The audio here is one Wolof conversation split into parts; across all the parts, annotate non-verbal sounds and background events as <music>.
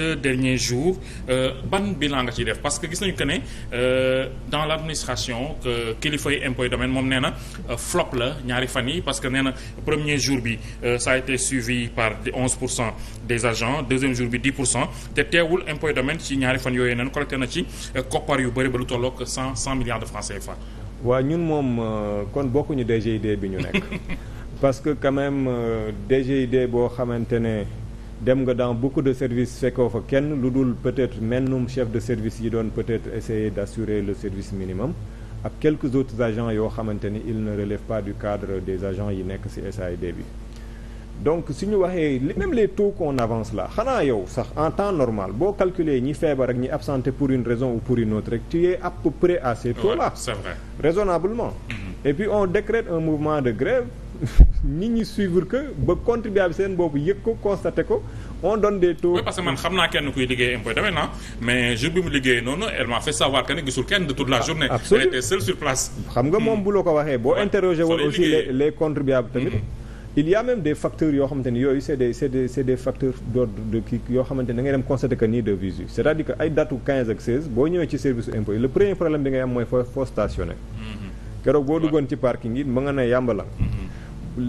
deux derniers jours euh, ban bilan nga ciy def parce que gis nañu que ne euh, dans l' administration que kilifa yi impôt domaine moom nee na euh, flop la ñaari fan yi parce que nee na premier jour bi ça a été suivi par onze pour cent des agents deuxième jour bi dix pour cent te teewul impôt domaine ci ñaari fan yooyu neen collecté na ci koppar yu bëri ba lu tolloog cent cent milliards de francs CFA. waa ñun moom kon bokkuñu DGID bi ñu nekk. <laughs> parce que quand même DGID boo xamante ne. dem nga dans beaucoup de services fekkoo fa kenn lu dul peut-être mennum chef de service yi doon peut-être essayer d'assurer le service minimum ak quelques autres agents yoo xamante ni ils ne relèvent pas du cadre des agents yi nekk ci SAID bi donc su ñu waxee même les tout qu'on la xanaa yow sax en temps normal boo calculer ñi feebar ak ñi absenté pour une raison ou pour une autre rek tu es à peu près à ces taux raisonnablement mm-hmm. et puis on décrète un mouvement de grève <laughs> nit ñi suivre que ba contribuable seen boobu yëg ko constaté ko on donne des taux. oui xam naa kenn kuy liggéey impôt domaine ah mais jour bi mu liggéey noonu elle m'a savoir que ne gisul kenn de toute la ah, journée. absolument elle était sur place. xam nga moom bu ko waxee boo interroger woon aussi les les contribuables tamit. Mm-hmm. il y a même des facteurs yoo xamante ni yooyu c'est des c'est des c'est d'ordre de yoo xamante ni da ngay dem constater que nii de visu c'est-à-dire que ay datu 15 ak 16 boo ñëwee ci service impôt le premier problème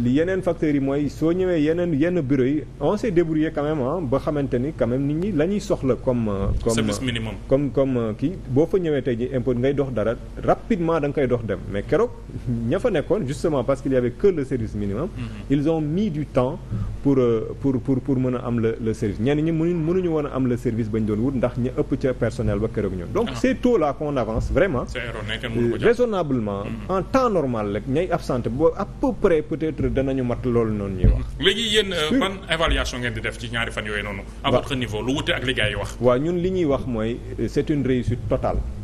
li yeneen facteurs yi mooy soo ñëwee yeneen yenn bureau yi on s'est débrouillé quand ba xamante ni quand nit ñi la soxla comme. Euh, comme service euh, boo fa ñëwee tey ngay dox dara rapidement da nga dox dem mais keroog ña fa nekkoon justement parce qu'il y avait que le service minimum. Mhm. ils ont mis du temps pour euh, pour mën a am le service ñenn ñi mënuñ mënuñu woon a am le service ba ñu doon wut ndax ña ëpp ca personnel ba keroog ñun. donc ah. c'est tôt là avance vraiment. neutre danañu mat loolu noonu ñuy wax. léegi yéen euh, ban évaluation ngeen di def ci ñaari fan yooyu noonu. à votre niveau lu wute ak li gars yi wax. waaw ñun li ñuy wax mooy euh, c'est une réussite totale.